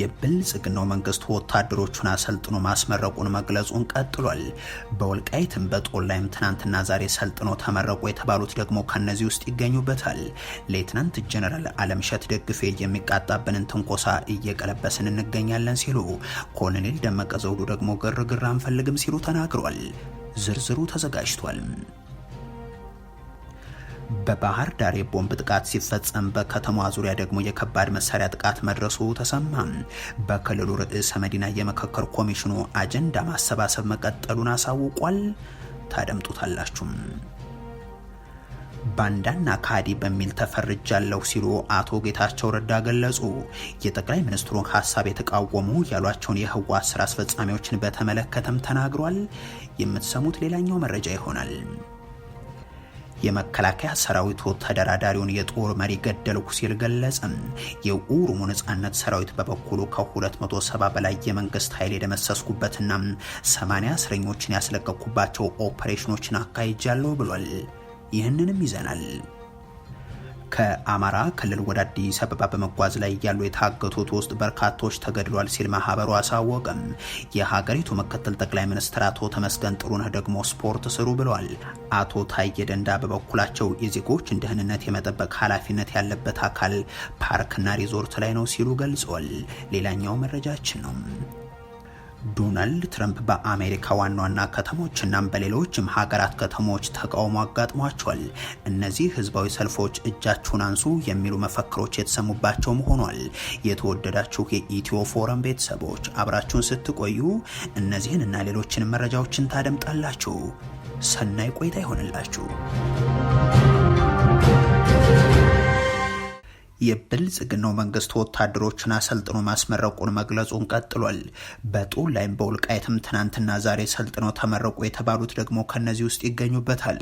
የብልጽግናው መንግስት ወታደሮቹን አሰልጥኖ ማስመረቁን መግለጹን ቀጥሏል። በወልቃይትም በጦላይም ትናንትና ዛሬ ሰልጥኖ ተመረቁ የተባሉት ደግሞ ከነዚህ ውስጥ ይገኙበታል። ሌትናንት ጀነራል አለምሸት ደግፌ የሚቃጣብንን ትንኮሳ እየቀለበስን እንገኛለን ሲሉ፣ ኮሎኔል ደመቀ ዘውዱ ደግሞ ግርግር አንፈልግም ሲሉ ተናግሯል። ዝርዝሩ ተዘጋጅቷል። በባህር ዳር የቦምብ ጥቃት ሲፈጸም በከተማ ዙሪያ ደግሞ የከባድ መሳሪያ ጥቃት መድረሱ ተሰማ። በክልሉ ርዕሰ መዲና የምክክር ኮሚሽኑ አጀንዳ ማሰባሰብ መቀጠሉን አሳውቋል። ታደምጡታላችሁም። ባንዳና ካዲ በሚል ተፈርጃለሁ ሲሉ አቶ ጌታቸው ረዳ ገለጹ። የጠቅላይ ሚኒስትሩን ሀሳብ የተቃወሙ ያሏቸውን የህወሓት ስራ አስፈጻሚዎችን በተመለከተም ተናግሯል። የምትሰሙት ሌላኛው መረጃ ይሆናል። የመከላከያ ሰራዊቱ ተደራዳሪውን የጦር መሪ ገደልኩ ሲል ገለጸም። የኦሮሞ ነጻነት ሰራዊት በበኩሉ ከ270 በላይ የመንግስት ኃይል የደመሰስኩበትና 80 እስረኞችን ያስለቀኩባቸው ኦፐሬሽኖችን አካሂጃለሁ ብሏል። ይህንንም ይዘናል። ከአማራ ክልል ወደ አዲስ አበባ በመጓዝ ላይ ያሉ የታገቱት ውስጥ በርካቶች ተገድሏል ሲል ማህበሩ አሳወቅም። የሀገሪቱ ምክትል ጠቅላይ ሚኒስትር አቶ ተመስገን ጥሩነህ ደግሞ ስፖርት ስሩ ብለዋል። አቶ ታዬ ደንዳ በበኩላቸው የዜጎችን ደህንነት የመጠበቅ ኃላፊነት ያለበት አካል ፓርክና ሪዞርት ላይ ነው ሲሉ ገልጿል። ሌላኛው መረጃችን ነው። ዶናልድ ትራምፕ በአሜሪካ ዋና ዋና ከተሞች እናም በሌሎችም ሀገራት ከተሞች ተቃውሞ አጋጥሟቸዋል። እነዚህ ህዝባዊ ሰልፎች እጃችሁን አንሱ የሚሉ መፈክሮች የተሰሙባቸውም ሆኗል። የተወደዳችሁ የኢትዮ ፎረም ቤተሰቦች አብራችሁን ስትቆዩ እነዚህን እና ሌሎችንም መረጃዎችን ታደምጣላችሁ። ሰናይ ቆይታ ይሆንላችሁ። የብልጽግናው መንግስት ወታደሮችን አሰልጥኖ ማስመረቁን መግለጹን ቀጥሏል። በጦር ላይም በውልቃየትም ትናንትና ዛሬ ሰልጥነው ተመረቁ የተባሉት ደግሞ ከነዚህ ውስጥ ይገኙበታል።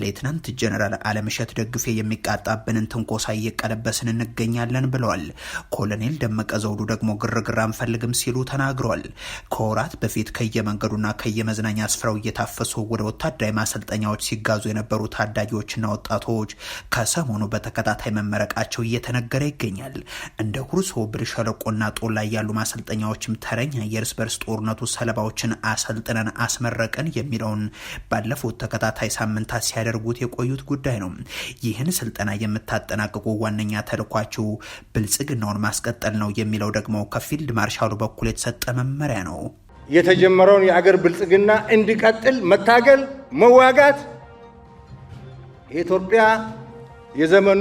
ሌትናንት ጀነራል አለምሸት ደግፌ የሚቃጣብንን ትንኮሳ እየቀለበስን እንገኛለን ብለዋል። ኮሎኔል ደመቀ ዘውዱ ደግሞ ግርግር አንፈልግም ሲሉ ተናግረዋል። ከወራት በፊት ከየመንገዱና ከየመዝናኛ ስፍራው እየታፈሱ ወደ ወታደራዊ ማሰልጠኛዎች ሲጋዙ የነበሩ ታዳጊዎችና ወጣቶች ከሰሞኑ በተከታታይ መመረቃቸው እየተ እየተነገረ ይገኛል። እንደ ሁርሶ ብር ሸለቆና ጦር ላይ ያሉ ማሰልጠኛዎችም ተረኛ የእርስ በርስ ጦርነቱ ሰለባዎችን አሰልጥነን አስመረቀን የሚለውን ባለፉት ተከታታይ ሳምንታት ሲያደርጉት የቆዩት ጉዳይ ነው። ይህን ስልጠና የምታጠናቅቁ ዋነኛ ተልኳችሁ ብልጽግናውን ማስቀጠል ነው የሚለው ደግሞ ከፊልድ ማርሻሉ በኩል የተሰጠ መመሪያ ነው። የተጀመረውን የአገር ብልጽግና እንዲቀጥል መታገል፣ መዋጋት የኢትዮጵያ የዘመኑ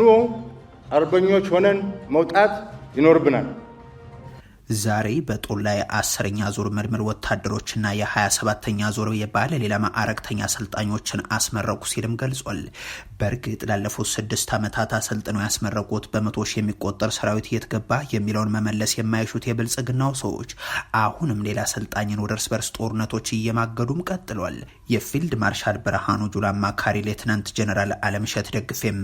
አርበኞች ሆነን መውጣት ይኖርብናል። ዛሬ በጦር ላይ አስረኛ ዙር ምርምር ወታደሮችና የ27ተኛ ዙር የባለ ሌላ ማዕረግተኛ አሰልጣኞችን አስመረቁ ሲልም ገልጿል። በእርግጥ ላለፉት ስድስት ዓመታት አሰልጥነው ያስመረቁት በመቶ ሺህ የሚቆጠር ሰራዊት እየተገባ የሚለውን መመለስ የማይሹት የብልጽግናው ሰዎች አሁንም ሌላ አሰልጣኝን ወደ እርስ በርስ ጦርነቶች እየማገዱም ቀጥሏል። የፊልድ ማርሻል ብርሃኑ ጁላ አማካሪ ሌትናንት ጀነራል አለምሸት ደግፌም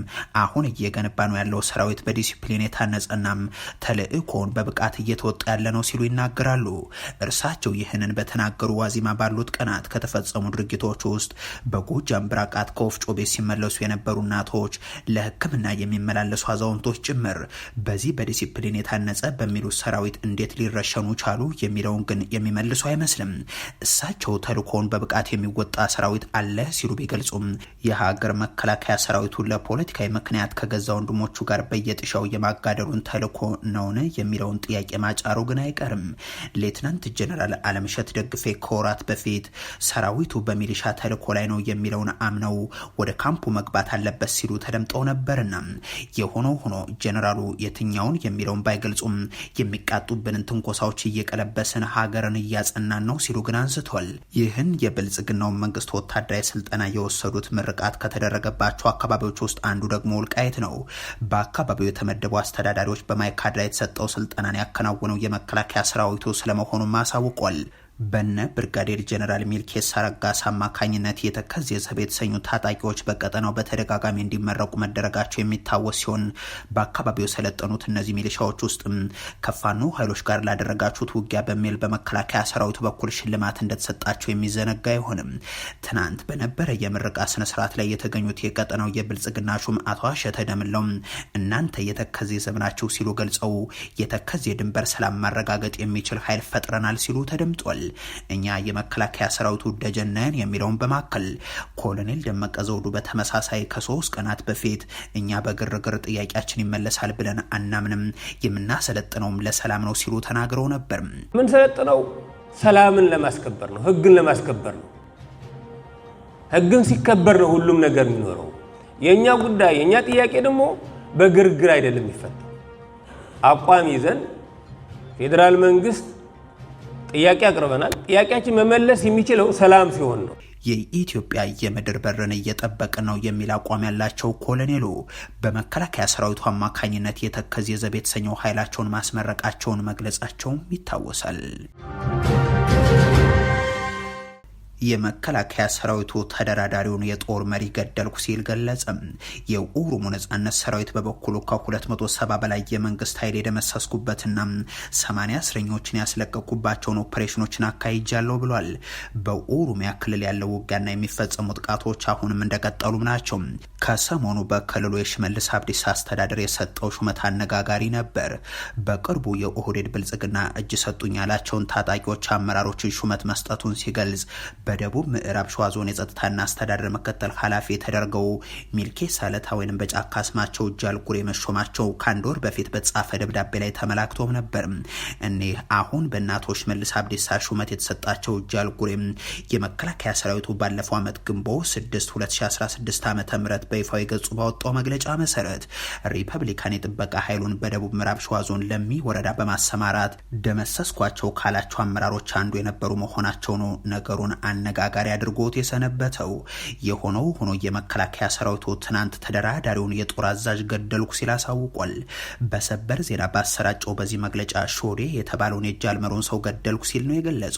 አሁን እየገነባ ነው ያለው ሰራዊት በዲሲፕሊን የታነጸናም ተልእኮውን በብቃት እየተወጣ ያለ ነው ሲሉ ይናገራሉ። እርሳቸው ይህንን በተናገሩ ዋዜማ ባሉት ቀናት ከተፈጸሙ ድርጊቶች ውስጥ በጎጃም ብራቃት ከወፍጮ ቤት ሲመለሱ የነበሩ እናቶች፣ ለሕክምና የሚመላለሱ አዛውንቶች ጭምር በዚህ በዲሲፕሊን የታነጸ በሚሉት ሰራዊት እንዴት ሊረሸኑ ቻሉ የሚለውን ግን የሚመልሱ አይመስልም። እሳቸው ተልኮን በብቃት የሚወጣ ሰራዊት አለ ሲሉ ቢገልጹም የሀገር መከላከያ ሰራዊቱን ለፖለቲካዊ ምክንያት ከገዛ ወንድሞቹ ጋር በየጥሻው የማጋደሉን ተልኮ ነውን የሚለውን ጥያቄ ማጫሩ መዳሩ ግን አይቀርም። ሌትናንት ጀነራል አለምሸት ደግፌ ከወራት በፊት ሰራዊቱ በሚሊሻ ተልኮ ላይ ነው የሚለውን አምነው ወደ ካምፑ መግባት አለበት ሲሉ ተደምጠው ነበርና የሆኖ ሆኖ ጀነራሉ የትኛውን የሚለውን ባይገልጹም የሚቃጡብንን ትንኮሳዎች እየቀለበስን ሀገርን እያጸናን ነው ሲሉ ግን አንስቷል። ይህን የብልጽግናውን መንግስት ወታደራዊ ስልጠና የወሰዱት ምርቃት ከተደረገባቸው አካባቢዎች ውስጥ አንዱ ደግሞ ወልቃይት ነው። በአካባቢው የተመደቡ አስተዳዳሪዎች በማይካድራ የተሰጠው ስልጠናን ያከናውነው የመከላከያ ሰራዊቱ ስለመሆኑም አሳውቋል። በነ ብርጋዴር ጀነራል ሚልኬሳ ረጋሳ አማካኝነት የተከዜ ዘብ የተሰኙ ታጣቂዎች በቀጠናው በተደጋጋሚ እንዲመረቁ መደረጋቸው የሚታወስ ሲሆን በአካባቢው የሰለጠኑት እነዚህ ሚሊሻዎች ውስጥም ከፋኖ ኃይሎች ጋር ላደረጋችሁት ውጊያ በሚል በመከላከያ ሰራዊቱ በኩል ሽልማት እንደተሰጣቸው የሚዘነጋ አይሆንም። ትናንት በነበረ የምረቃ ስነስርዓት ላይ የተገኙት የቀጠናው የብልጽግና ሹም አቶ አሸተ ደምለው እናንተ የተከዜ ዘብ ናችሁ ሲሉ ገልጸው የተከዜ ድንበር ሰላም ማረጋገጥ የሚችል ኃይል ፈጥረናል ሲሉ ተደምጧል። እኛ የመከላከያ ሰራዊቱ ደጀነን የሚለውን በማከል ኮሎኔል ደመቀ ዘውዱ በተመሳሳይ ከሶስት ቀናት በፊት እኛ በግርግር ጥያቄያችን ይመለሳል ብለን አናምንም፣ የምናሰለጥነውም ለሰላም ነው ሲሉ ተናግረው ነበር። የምንሰለጥነው ሰላምን ለማስከበር ነው፣ ህግን ለማስከበር ነው። ህግን ሲከበር ነው ሁሉም ነገር የሚኖረው። የእኛ ጉዳይ የእኛ ጥያቄ ደግሞ በግርግር አይደለም ይፈታል። አቋም ይዘን ፌዴራል መንግስት ጥያቄ አቅርበናል። ጥያቄያችን መመለስ የሚችለው ሰላም ሲሆን ነው። የኢትዮጵያ የምድር በርን እየጠበቅ ነው የሚል አቋም ያላቸው ኮሎኔሉ በመከላከያ ሰራዊቱ አማካኝነት የተከዜ ዘብ የተሰኘው ኃይላቸውን ማስመረቃቸውን መግለጻቸውም ይታወሳል። የመከላከያ ሰራዊቱ ተደራዳሪውን የጦር መሪ ገደልኩ ሲል ገለጸ። የኦሮሞ ነጻነት ሰራዊት በበኩሉ ከ270 በላይ የመንግስት ኃይል የደመሰስኩበትና 80 እስረኞችን ያስለቀቁባቸውን ኦፕሬሽኖችን አካሂጃለሁ ብሏል። በኦሮሚያ ክልል ያለው ውጊያና የሚፈጸሙ ጥቃቶች አሁንም እንደቀጠሉም ናቸው። ከሰሞኑ በክልሉ የሽመልስ አብዲስ አስተዳደር የሰጠው ሹመት አነጋጋሪ ነበር። በቅርቡ የኦህዴድ ብልጽግና እጅ ሰጡኝ ያላቸውን ታጣቂዎች አመራሮችን ሹመት መስጠቱን ሲገልጽ በደቡብ ምዕራብ ሸዋ ዞን የጸጥታና አስተዳደር መከተል ኃላፊ ተደርገው ሚልኬ ሰለታ ወይም በጫካ ስማቸው እጃል መሾማቸው ከአንድ ወር በፊት በተጻፈ ደብዳቤ ላይ ተመላክቶም ነበር። እኔ አሁን በእናቶች አቶ ሽመልስ አብዲሳ ሹመት የተሰጣቸው እጃል የመከላከያ ሰራዊቱ ባለፈው ዓመት ግንቦ 6 2016 ዓ ም በይፋዊ ገጹ ባወጣው መግለጫ መሰረት ሪፐብሊካን የጥበቃ ኃይሉን በደቡብ ምዕራብ ሸዋ ዞን ለሚ ወረዳ በማሰማራት ደመሰስኳቸው ካላቸው አመራሮች አንዱ የነበሩ መሆናቸው ነው ነገሩን አነጋጋሪ አድርጎት የሰነበተው። የሆነው ሆኖ የመከላከያ ሰራዊቱ ትናንት ተደራዳሪውን የጦር አዛዥ ገደልኩ ሲል አሳውቋል። በሰበር ዜና ባሰራጨው በዚህ መግለጫ ሾዴ የተባለውን የጃልመሮን ሰው ገደልኩ ሲል ነው የገለጸው።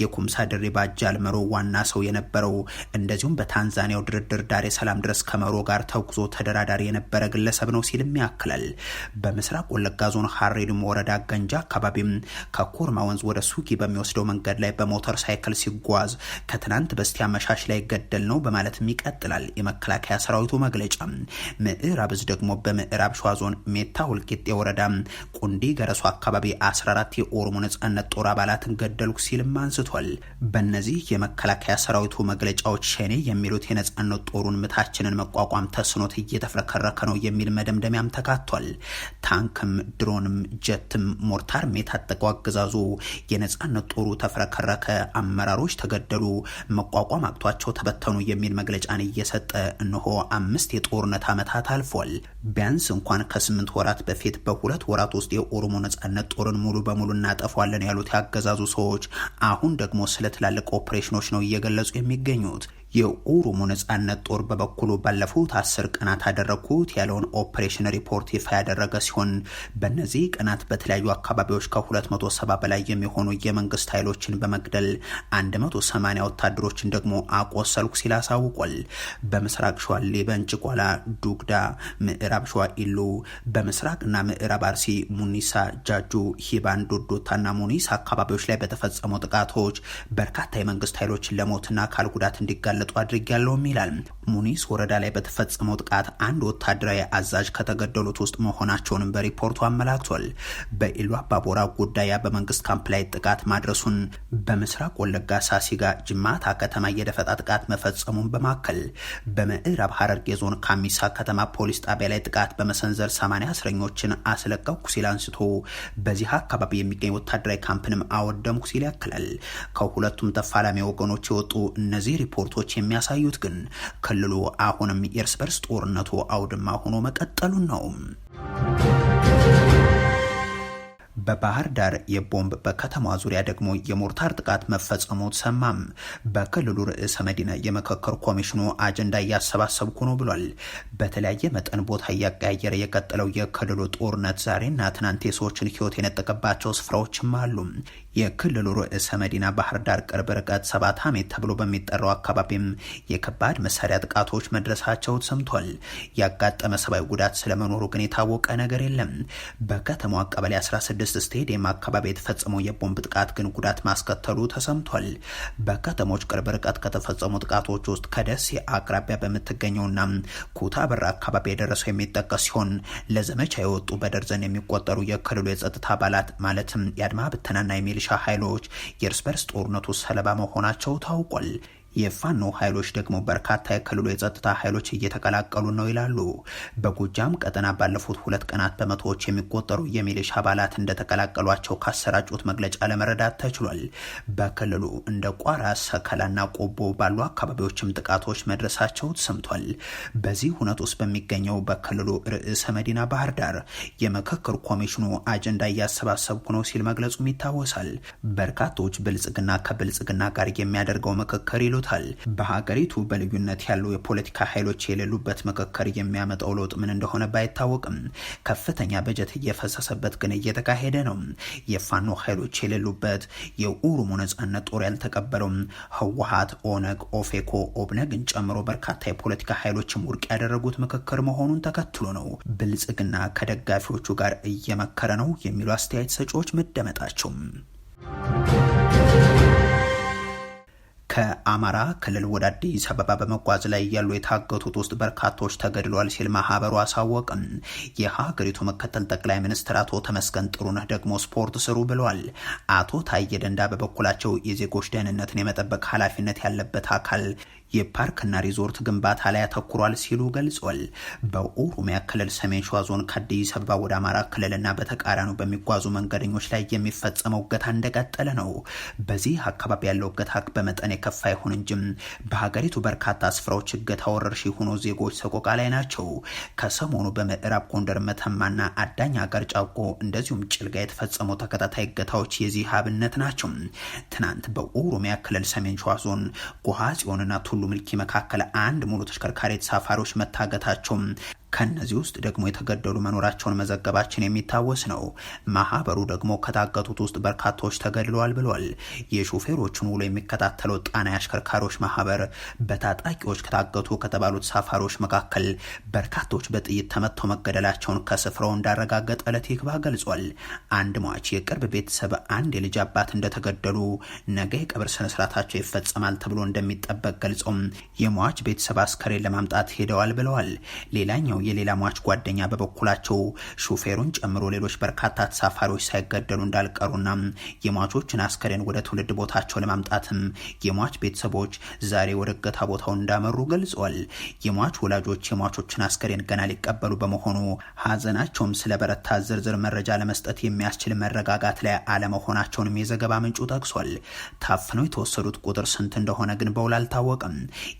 የኩምሳ ድሪባ ጃልመሮ ዋና ሰው የነበረው እንደዚሁም በታንዛኒያው ድርድር ዳሬ ሰላም ድረስ ከመሮ ጋር ተጉዞ ተደራዳሪ የነበረ ግለሰብ ነው ሲልም ያክላል። በምስራቅ ወለጋ ዞን ሀሬድሞ ወረዳ ገንጃ አካባቢም ከኮርማ ወንዝ ወደ ሱጊ በሚወስደው መንገድ ላይ በሞተር ሳይክል ሲጓዝ ከትናንት በስቲያ መሻሽ ላይ ገደል ነው በማለትም ይቀጥላል የመከላከያ ሰራዊቱ መግለጫ። ምዕራብ እዝ ደግሞ በምዕራብ ሸዋ ዞን ሜታ ሁልቂጤ ወረዳ ቁንዲ ገረሱ አካባቢ 14 የኦሮሞ ነጻነት ጦር አባላትን ገደልኩ ሲልም አንስቷል። በእነዚህ የመከላከያ ሰራዊቱ መግለጫዎች ሸኔ የሚሉት የነጻነት ጦሩን ምታችንን መቋቋም ተስኖት እየተፍረከረከ ነው የሚል መደምደሚያም ተካቷል። ታንክም ድሮንም ጀትም ሞርታርም የታጠቀው አገዛዙ የነጻነት ጦሩ ተፍረከረከ፣ አመራሮች ተገደ ተገደሉ፣ መቋቋም አቅቷቸው ተበተኑ የሚል መግለጫን እየሰጠ እነሆ አምስት የጦርነት ዓመታት አልፏል። ቢያንስ እንኳን ከስምንት ወራት በፊት በሁለት ወራት ውስጥ የኦሮሞ ነጻነት ጦርን ሙሉ በሙሉ እናጠፏለን ያሉት ያገዛዙ ሰዎች አሁን ደግሞ ስለ ትላልቅ ኦፕሬሽኖች ነው እየገለጹ የሚገኙት። የኦሮሞ ነጻነት ጦር በበኩሉ ባለፉት አስር ቀናት አደረግኩት ያለውን ኦፕሬሽን ሪፖርት ይፋ ያደረገ ሲሆን በእነዚህ ቀናት በተለያዩ አካባቢዎች ከ270 በላይ የሚሆኑ የመንግስት ኃይሎችን በመግደል 180 ወታደሮችን ደግሞ አቆሰልኩ ሲል አሳውቋል። በምስራቅ ሸዋ ሌበን፣ ጭቋላ፣ ዱግዳ፣ ምዕራብ ሸዋ ኢሉ፣ በምስራቅና ምዕራብ አርሲ ሙኒሳ፣ ጃጁ፣ ሂባን፣ ዶዶታና ሙኒሳ አካባቢዎች ላይ በተፈጸሙ ጥቃቶች በርካታ የመንግስት ኃይሎችን ለሞትና አካል ጉዳት እንዲጋለ እንዲጋለጡ አድርጊያለሁም ይላል። ሙኒስ ወረዳ ላይ በተፈጸመው ጥቃት አንድ ወታደራዊ አዛዥ ከተገደሉት ውስጥ መሆናቸውንም በሪፖርቱ አመላክቷል። በኢሉ አባቦራ ጉዳያ በመንግስት ካምፕ ላይ ጥቃት ማድረሱን፣ በምስራቅ ወለጋ ሳሲጋ ጅማታ ከተማ የደፈጣ ጥቃት መፈጸሙን በማከል በምዕራብ ሐረርጌ ዞን ካሚሳ ከተማ ፖሊስ ጣቢያ ላይ ጥቃት በመሰንዘር ሰማንያ እስረኞችን አስለቀቅኩ ሲል አንስቶ በዚህ አካባቢ የሚገኝ ወታደራዊ ካምፕንም አወደምኩ ሲል ያክላል። ከሁለቱም ተፋላሚ ወገኖች የወጡ እነዚህ ሪፖርቶች የሚያሳዩት ግን ክልሉ አሁንም የእርስ በርስ ጦርነቱ አውድማ ሆኖ መቀጠሉን ነው። በባህር ዳር የቦምብ በከተማ ዙሪያ ደግሞ የሞርታር ጥቃት መፈጸሙ ሰማም። በክልሉ ርዕሰ መዲና የምክክር ኮሚሽኑ አጀንዳ እያሰባሰብኩ ነው ብሏል። በተለያየ መጠን ቦታ እያቀያየረ የቀጠለው የክልሉ ጦርነት ዛሬና ትናንት የሰዎችን ሕይወት የነጠቀባቸው ስፍራዎችም አሉ። የክልሉ ርዕሰ መዲና ባህር ዳር ቅርብ ርቀት ሰባት ሀሜት ተብሎ በሚጠራው አካባቢም የከባድ መሳሪያ ጥቃቶች መድረሳቸው ሰምቷል። ያጋጠመ ሰብአዊ ጉዳት ስለመኖሩ ግን የታወቀ ነገር የለም። በከተማዋ ቀበሌ 16 ስቴዲየም አካባቢ የተፈጸመው የቦምብ ጥቃት ግን ጉዳት ማስከተሉ ተሰምቷል። በከተሞች ቅርብ ርቀት ከተፈጸሙ ጥቃቶች ውስጥ ከደሴ አቅራቢያ በምትገኘውና ኩታ በራ አካባቢ የደረሰው የሚጠቀስ ሲሆን ለዘመቻ የወጡ በደርዘን የሚቆጠሩ የክልሉ የጸጥታ አባላት ማለትም የአድማ ብተናና የሚል የሚሊሻ ኃይሎች የእርስ በርስ ጦርነቱ ሰለባ መሆናቸው ታውቋል። የፋኖ ኃይሎች ደግሞ በርካታ የክልሉ የጸጥታ ኃይሎች እየተቀላቀሉ ነው ይላሉ። በጎጃም ቀጠና ባለፉት ሁለት ቀናት በመቶዎች የሚቆጠሩ የሚሊሻ አባላት እንደተቀላቀሏቸው ካሰራጩት መግለጫ ለመረዳት ተችሏል። በክልሉ እንደ ቋራ፣ ሰከላና ቆቦ ባሉ አካባቢዎችም ጥቃቶች መድረሳቸው ተሰምቷል። በዚህ ሁነት ውስጥ በሚገኘው በክልሉ ርዕሰ መዲና ባህር ዳር የምክክር ኮሚሽኑ አጀንዳ እያሰባሰብኩ ነው ሲል መግለጹም ይታወሳል። በርካቶች ብልጽግና ከብልጽግና ጋር የሚያደርገው ምክክር ይሉት ይሉታል። በሀገሪቱ በልዩነት ያሉ የፖለቲካ ኃይሎች የሌሉበት ምክክር የሚያመጣው ለውጥ ምን እንደሆነ ባይታወቅም ከፍተኛ በጀት እየፈሰሰበት ግን እየተካሄደ ነው። የፋኖ ኃይሎች የሌሉበት የኦሮሞ ነጻነት ጦር ያልተቀበለውም ህወሀት፣ ኦነግ፣ ኦፌኮ፣ ኦብነግን ጨምሮ በርካታ የፖለቲካ ኃይሎችም ውድቅ ያደረጉት ምክክር መሆኑን ተከትሎ ነው። ብልጽግና ከደጋፊዎቹ ጋር እየመከረ ነው የሚሉ አስተያየት ሰጪዎች መደመጣቸው ከአማራ ክልል ወደ አዲስ አበባ በመጓዝ ላይ ያሉ የታገቱት ውስጥ በርካቶች ተገድሏል ሲል ማህበሩ አሳወቅም። የሀገሪቱ ምክትል ጠቅላይ ሚኒስትር አቶ ተመስገን ጥሩነህ ደግሞ ስፖርት ስሩ ብለዋል። አቶ ታዬ ደንዳ በበኩላቸው የዜጎች ደህንነትን የመጠበቅ ኃላፊነት ያለበት አካል የፓርክና ሪዞርት ግንባታ ላይ ያተኩሯል ሲሉ ገልጿል። በኦሮሚያ ክልል ሰሜን ሸዋ ዞን ከአዲስ አበባ ወደ አማራ ክልልና በተቃራኒው በሚጓዙ መንገደኞች ላይ የሚፈጸመው እገታ እንደቀጠለ ነው። በዚህ አካባቢ ያለው እገታ በመጠን የከፋ ይሁን እንጂም በሀገሪቱ በርካታ ስፍራዎች እገታ ወረርሽኝ ሆኖ ዜጎች ሰቆቃ ላይ ናቸው። ከሰሞኑ በምዕራብ ጎንደር መተማና አዳኝ ሀገር ጫቆ እንደዚሁም ጭልጋ የተፈጸሙ ተከታታይ እገታዎች የዚህ አብነት ናቸው። ትናንት በኦሮሚያ ክልል ሰሜን ሸዋ ዞን ጎሃ ጽዮንና ቱሉ ሁሉ ምልኪ መካከል አንድ ሙሉ ተሽከርካሪ ተሳፋሪዎች መታገታቸው ከነዚህ ውስጥ ደግሞ የተገደሉ መኖራቸውን መዘገባችን የሚታወስ ነው። ማህበሩ ደግሞ ከታገቱት ውስጥ በርካታዎች ተገድለዋል ብሏል። የሾፌሮቹን ውሎ የሚከታተለው ጣና የአሽከርካሪዎች ማህበር በታጣቂዎች ከታገቱ ከተባሉት ሳፋሪዎች መካከል በርካታዎች በጥይት ተመተው መገደላቸውን ከስፍራው እንዳረጋገጠ ለቴክባ ገልጿል። አንድ ሟች የቅርብ ቤተሰብ አንድ የልጅ አባት እንደተገደሉ ነገ የቀብር ስነስርዓታቸው ይፈጸማል ተብሎ እንደሚጠበቅ ገልጾም የሟች ቤተሰብ አስከሬን ለማምጣት ሄደዋል ብለዋል። ሌላኛው የሌላ ሟች ጓደኛ በበኩላቸው ሹፌሩን ጨምሮ ሌሎች በርካታ ተሳፋሪዎች ሳይገደሉ እንዳልቀሩና የሟቾችን አስከሬን ወደ ትውልድ ቦታቸው ለማምጣትም የሟች ቤተሰቦች ዛሬ ወደ እገታ ቦታው እንዳመሩ ገልጿል። የሟች ወላጆች የሟቾችን አስከሬን ገና ሊቀበሉ በመሆኑ ሀዘናቸውም ስለ በረታ ዝርዝር መረጃ ለመስጠት የሚያስችል መረጋጋት ላይ አለመሆናቸውንም የዘገባ ምንጩ ጠቅሷል። ታፍነው የተወሰዱት ቁጥር ስንት እንደሆነ ግን በውል አልታወቀም።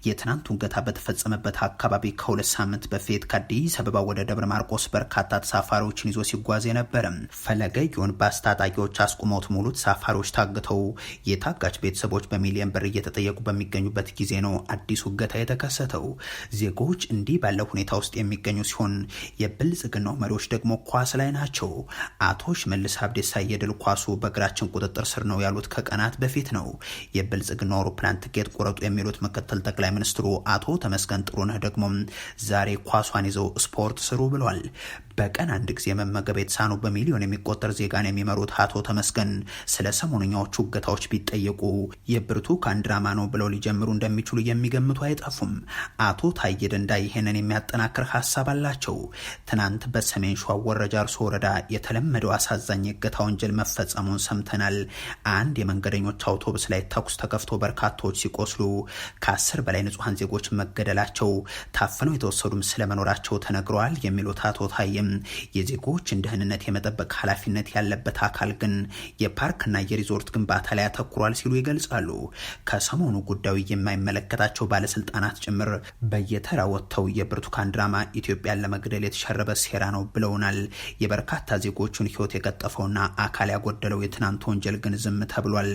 የትናንቱ እገታ በተፈጸመበት አካባቢ ከሁለት ሳምንት በፊት ከአዲስ ከአዲስ አበባ ወደ ደብረ ማርቆስ በርካታ ተሳፋሪዎችን ይዞ ሲጓዝ የነበረ ፈለገ ዮን ባስ ታጣቂዎች አስቁመውት ሙሉ ተሳፋሪዎች ታግተው የታጋች ቤተሰቦች በሚሊዮን ብር እየተጠየቁ በሚገኙበት ጊዜ ነው አዲሱ እገታ የተከሰተው። ዜጎች እንዲህ ባለው ሁኔታ ውስጥ የሚገኙ ሲሆን የብልጽግናው መሪዎች ደግሞ ኳስ ላይ ናቸው። አቶ ሽመልስ አብዲሳ የድል ኳሱ በእግራችን ቁጥጥር ስር ነው ያሉት ከቀናት በፊት ነው። የብልጽግና አውሮፕላን ትኬት ቁረጡ የሚሉት ምክትል ጠቅላይ ሚኒስትሩ አቶ ተመስገን ጥሩነህ ደግሞ ዛሬ ኳሷን ይዘው ስፖርት ስሩ ብሏል። በቀን አንድ ጊዜ መመገብ የተሳነው በሚሊዮን የሚቆጠር ዜጋን የሚመሩት አቶ ተመስገን ስለ ሰሞነኛዎቹ እገታዎች ቢጠየቁ የብርቱካን ድራማ ነው ብለው ሊጀምሩ እንደሚችሉ የሚገምቱ አይጠፉም። አቶ ታዬ ደንዳ ይህንን የሚያጠናክር ሀሳብ አላቸው። ትናንት በሰሜን ሸዋ ወረጃ አርሶ ወረዳ የተለመደው አሳዛኝ እገታ ወንጀል መፈጸሙን ሰምተናል። አንድ የመንገደኞች አውቶቡስ ላይ ተኩስ ተከፍቶ በርካታዎች ሲቆስሉ ከአስር በላይ ንጹሐን ዜጎች መገደላቸው፣ ታፍነው የተወሰዱም ስለመኖራቸው ተነግረዋል የሚሉት አቶ ታዬ በተጨማሪም የዜጎችን ደህንነት የመጠበቅ ኃላፊነት ያለበት አካል ግን የፓርክና የሪዞርት ግንባታ ላይ ያተኩሯል ሲሉ ይገልጻሉ። ከሰሞኑ ጉዳዩ የማይመለከታቸው ባለስልጣናት ጭምር በየተራ ወጥተው የብርቱካን ድራማ ኢትዮጵያን ለመግደል የተሸረበ ሴራ ነው ብለውናል። የበርካታ ዜጎቹን ህይወት የቀጠፈውና አካል ያጎደለው የትናንት ወንጀል ግን ዝም ተብሏል።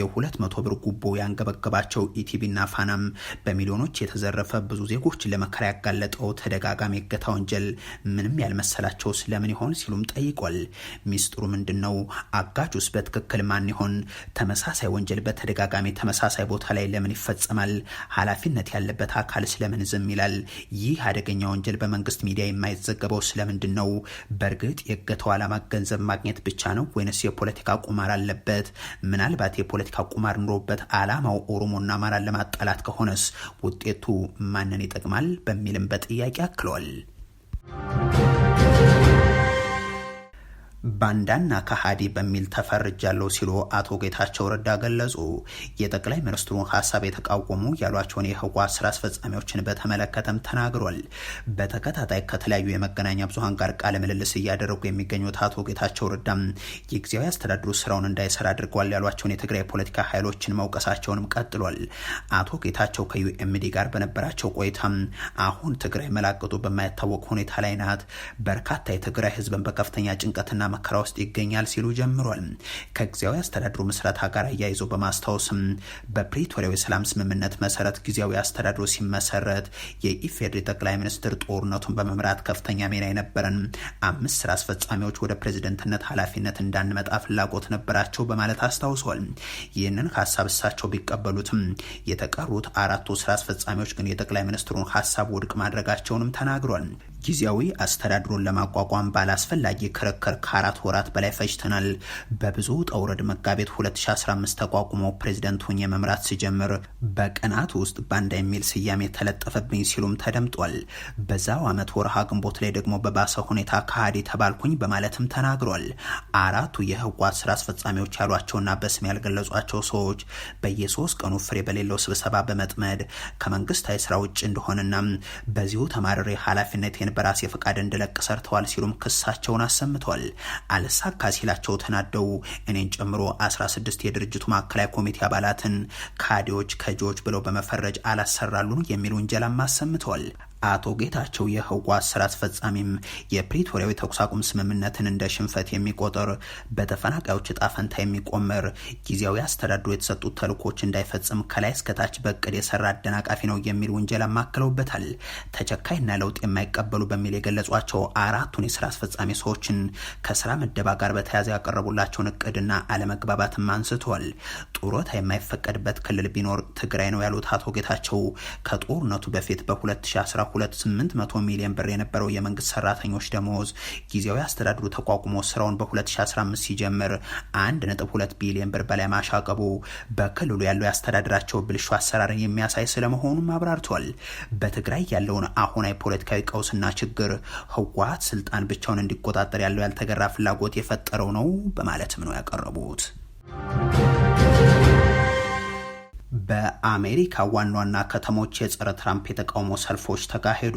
የሁለት መቶ ብር ጉቦ ያንገበገባቸው ኢቲቪና ፋናም በሚሊዮኖች የተዘረፈ ብዙ ዜጎችን ለመከራ ያጋለጠው ተደጋጋሚ እገታ ወንጀል ምንም ያልመሰ መሰላቸው ስለምን ይሆን ሲሉም ጠይቋል። ሚስጥሩ ምንድን ነው? አጋጁስ በትክክል ማን ይሆን? ተመሳሳይ ወንጀል በተደጋጋሚ ተመሳሳይ ቦታ ላይ ለምን ይፈጸማል? ኃላፊነት ያለበት አካል ስለምን ዝም ይላል? ይህ አደገኛ ወንጀል በመንግስት ሚዲያ የማይዘገበው ስለምንድን ነው? በእርግጥ የእገተው ዓላማ ገንዘብ ማግኘት ብቻ ነው ወይንስ የፖለቲካ ቁማር አለበት? ምናልባት የፖለቲካ ቁማር ኑሮበት ዓላማው ኦሮሞና አማራን ለማጣላት ከሆነስ ውጤቱ ማንን ይጠቅማል? በሚልም በጥያቄ አክለዋል። Música ባንዳና ከሃዲ በሚል ተፈርጃለሁ ሲሉ አቶ ጌታቸው ረዳ ገለጹ። የጠቅላይ ሚኒስትሩን ሀሳብ የተቃወሙ ያሏቸውን የህወሓት ስራ አስፈጻሚዎችን በተመለከተም ተናግሯል። በተከታታይ ከተለያዩ የመገናኛ ብዙሀን ጋር ቃለ ምልልስ እያደረጉ የሚገኙት አቶ ጌታቸው ረዳም የጊዜያዊ አስተዳድሩ ስራውን እንዳይሰራ አድርገዋል ያሏቸውን የትግራይ ፖለቲካ ኃይሎችን መውቀሳቸውንም ቀጥሏል። አቶ ጌታቸው ከዩኤምዲ ጋር በነበራቸው ቆይታም አሁን ትግራይ መላቅጡ በማይታወቅ ሁኔታ ላይ ናት፣ በርካታ የትግራይ ህዝብን በከፍተኛ ጭንቀትና መከራ ውስጥ ይገኛል ሲሉ ጀምሯል። ከጊዜያዊ አስተዳድሩ ምስረታ ጋር አያይዞ በማስታወስም በፕሪቶሪያው የሰላም ስምምነት መሰረት ጊዜያዊ አስተዳድሩ ሲመሰረት የኢፌዴሪ ጠቅላይ ሚኒስትር ጦርነቱን በመምራት ከፍተኛ ሚና የነበረን አምስት ስራ አስፈጻሚዎች ወደ ፕሬዝደንትነት ኃላፊነት እንዳንመጣ ፍላጎት ነበራቸው በማለት አስታውሰዋል። ይህንን ሀሳብ እሳቸው ቢቀበሉትም የተቀሩት አራቱ ስራ አስፈጻሚዎች ግን የጠቅላይ ሚኒስትሩን ሀሳብ ውድቅ ማድረጋቸውንም ተናግሯል። ጊዜያዊ አስተዳድሮን ለማቋቋም ባላስፈላጊ ክርክር ከአራት ወራት በላይ ፈጅተናል። በብዙ ጠውረድ መጋቤት 2015 ተቋቁሞ ፕሬዚደንት ሆኜ መምራት ስጀምር በቀናት ውስጥ ባንዳ የሚል ስያሜ ተለጠፈብኝ ሲሉም ተደምጧል። በዛው ዓመት ወርሃ ግንቦት ላይ ደግሞ በባሰ ሁኔታ ከሃዲ ተባልኩኝ በማለትም ተናግሯል። አራቱ የህወሓት ስራ አስፈጻሚዎች ያሏቸውና በስም ያልገለጿቸው ሰዎች በየሶስት ቀኑ ፍሬ በሌለው ስብሰባ በመጥመድ ከመንግስታዊ ስራ ውጭ እንደሆነና በዚሁ ተማረሬ ኃላፊነቴን በራሴ ፈቃድ እንድለቅ ሰርተዋል ሲሉም ክሳቸውን አሰምተዋል። አልሳካ ሲላቸው ተናደው እኔን ጨምሮ 16 የድርጅቱ ማዕከላዊ ኮሚቴ አባላትን ካዲዎች፣ ከጂዎች ብለው በመፈረጅ አላሰራሉን የሚል ውንጀላም አሰምተዋል። አቶ ጌታቸው የህወሓት ስራ አስፈጻሚም የፕሪቶሪያው የተኩስ አቁም ስምምነትን እንደ ሽንፈት የሚቆጠር በተፈናቃዮች እጣ ፈንታ የሚቆመር ጊዜያዊ አስተዳድሮ የተሰጡት ተልእኮች እንዳይፈጽም ከላይ እስከታች በእቅድ የሰራ አደናቃፊ ነው የሚል ውንጀላ ማክለውበታል። ተቸካይና ለውጥ የማይቀበሉ በሚል የገለጿቸው አራቱን የስራ አስፈጻሚ ሰዎችን ከስራ ምደባ ጋር በተያያዘ ያቀረቡላቸውን እቅድና አለመግባባትም አንስተዋል። ጡረታ የማይፈቀድበት ክልል ቢኖር ትግራይ ነው ያሉት አቶ ጌታቸው ከጦርነቱ በፊት በ2012 2800 ሚሊዮን ብር የነበረው የመንግስት ሰራተኞች ደሞዝ ጊዜያዊ አስተዳድሩ ተቋቁሞ ስራውን በ2015 ሲጀምር 1.2 ቢሊዮን ብር በላይ ማሻቀቡ በክልሉ ያለው ያስተዳድራቸው ብልሹ አሰራርን የሚያሳይ ስለመሆኑም አብራርቷል። በትግራይ ያለውን አሁናዊ ፖለቲካዊ ቀውስና ችግር ህወሓት ስልጣን ብቻውን እንዲቆጣጠር ያለው ያልተገራ ፍላጎት የፈጠረው ነው በማለትም ነው ያቀረቡት። በአሜሪካ ዋና ዋና ከተሞች የጸረ ትራምፕ የተቃውሞ ሰልፎች ተካሄዱ።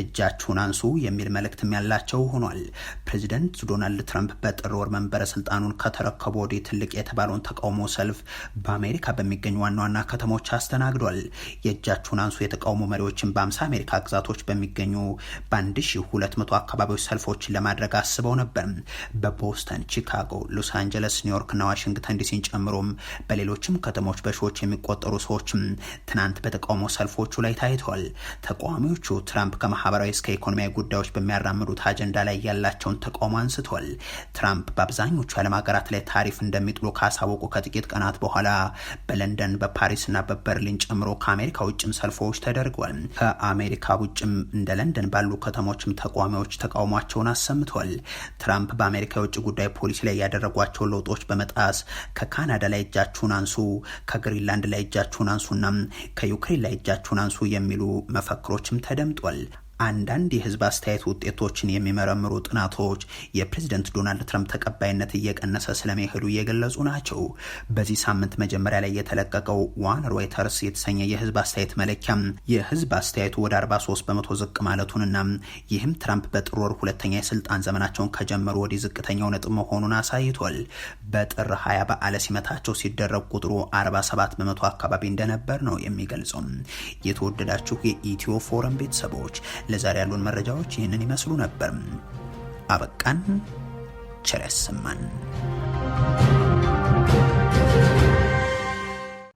እጃችሁን አንሱ የሚል መልእክትም ያላቸው ሆኗል። ፕሬዚደንት ዶናልድ ትራምፕ በጥር ወር መንበረ ስልጣኑን ከተረከቡ ወዲህ ትልቅ የተባለውን ተቃውሞ ሰልፍ በአሜሪካ በሚገኙ ዋና ዋና ከተሞች አስተናግዷል። የእጃችሁን አንሱ የተቃውሞ መሪዎችን በአምሳ አሜሪካ ግዛቶች በሚገኙ በ1200 አካባቢዎች ሰልፎችን ለማድረግ አስበው ነበር። በቦስተን፣ ቺካጎ፣ ሎስ አንጀለስ፣ ኒውዮርክና ዋሽንግተን ዲሲን ጨምሮም በሌሎችም ከተሞች በሺዎች የሚ የሚቆጠሩ ሰዎችም ትናንት በተቃውሞ ሰልፎቹ ላይ ታይተዋል። ተቃዋሚዎቹ ትራምፕ ከማህበራዊ እስከ ኢኮኖሚያዊ ጉዳዮች በሚያራምዱት አጀንዳ ላይ ያላቸውን ተቃውሞ አንስቷል። ትራምፕ በአብዛኞቹ የዓለም ሀገራት ላይ ታሪፍ እንደሚጥሉ ካሳወቁ ከጥቂት ቀናት በኋላ በለንደን በፓሪስና በበርሊን ጨምሮ ከአሜሪካ ውጭም ሰልፎች ተደርገዋል። ከአሜሪካ ውጭም እንደ ለንደን ባሉ ከተሞችም ተቃዋሚዎች ተቃውሟቸውን አሰምተዋል። ትራምፕ በአሜሪካ የውጭ ጉዳይ ፖሊሲ ላይ ያደረጓቸው ለውጦች በመጣስ ከካናዳ ላይ እጃችሁን አንሱ፣ ከግሪንላንድ ላይ እጃችሁን አንሱና ከዩክሬን ላይ እጃችሁን አንሱ የሚሉ መፈክሮችም ተደምጧል። አንዳንድ የህዝብ አስተያየት ውጤቶችን የሚመረምሩ ጥናቶች የፕሬዝደንት ዶናልድ ትራምፕ ተቀባይነት እየቀነሰ ስለመሄዱ እየገለጹ ናቸው። በዚህ ሳምንት መጀመሪያ ላይ የተለቀቀው ዋን ሮይተርስ የተሰኘ የህዝብ አስተያየት መለኪያ የህዝብ አስተያየቱ ወደ 43 በመቶ ዝቅ ማለቱንና ይህም ትራምፕ በጥር ወር ሁለተኛ የስልጣን ዘመናቸውን ከጀመሩ ወዲህ ዝቅተኛው ነጥብ መሆኑን አሳይቷል። በጥር 20 በዓለ ሲመታቸው ሲደረግ ቁጥሩ 47 በመቶ አካባቢ እንደነበር ነው የሚገልጸው። የተወደዳችሁ የኢትዮ ፎረም ቤተሰቦች ለዛሬ ያሉን መረጃዎች ይህንን ይመስሉ ነበር። አበቃን። ቸር ያሰማን።